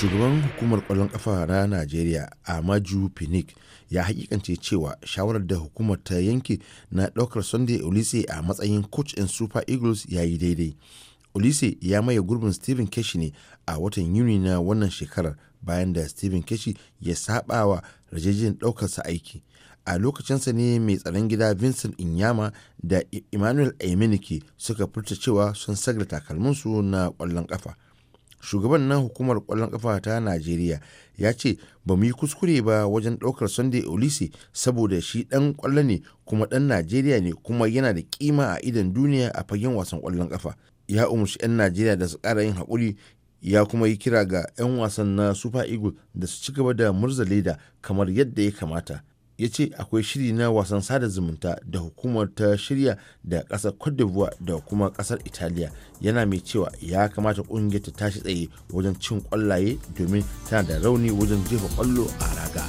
shugaban hukumar kwallon kafa na najeriya amaju phoenix ya hakikance cewa shawarar da hukumar ta yanke na daukar sunday olise a matsayin coach in super eagles ya yi daidai olise ya maye gurbin stephen keshi ne a watan yuni na wannan shekarar bayan da stephen keshi ya saba wa rajajin daukarsa aiki a lokacinsa ne mai tsaron gida vincent inyama da emmanuel aimenike suka furta cewa sun sagar takalminsu na kwallon kafa shugaban na hukumar kwallon kafa ta najeriya ya ce ba mu yi kuskure ba wajen ɗaukar sunday olisi saboda shi ɗan kwallo ne kuma ɗan najeriya ne kuma yana da kima a idon duniya a fagen wasan kwallon kafa ya umarci 'yan najeriya da su ƙara yin haƙuri ya kuma yi kira ga 'yan wasan na super eagles da su ci gaba da murza leda kamar yadda ya kamata ya ce akwai shiri na wasan sada zumunta da hukumar ta shirya da kasar cote d'ivoire da kuma kasar italiya yana mai cewa ya kamata kungiyar ta tashi tsaye wajen cin kwallaye domin tana da rauni wajen jefa kwallo a raga.